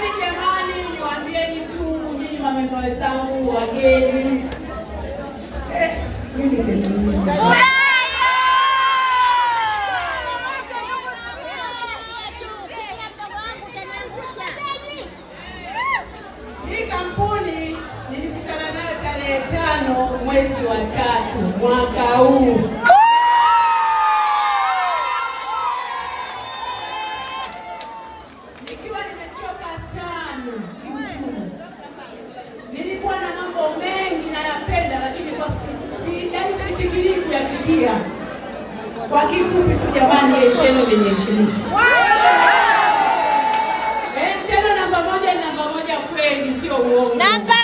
Jamani, jamani, niwaambieni tu nyinyi mamemba wenzangu wageni eh, kampuni nilikutana nayo tarehe tano mwezi wa tatu mwaka huu. Nikiwa nimechoka YouTube, YouTube. Nilikuwa na mambo mengi nayapenda, lakini kwa si, yani sifikirii kuyafikia. Kwa kifupi tu jamani, tendo lenye heshima. Eh, tendo namba moja, namba moja kweli, sio uongo.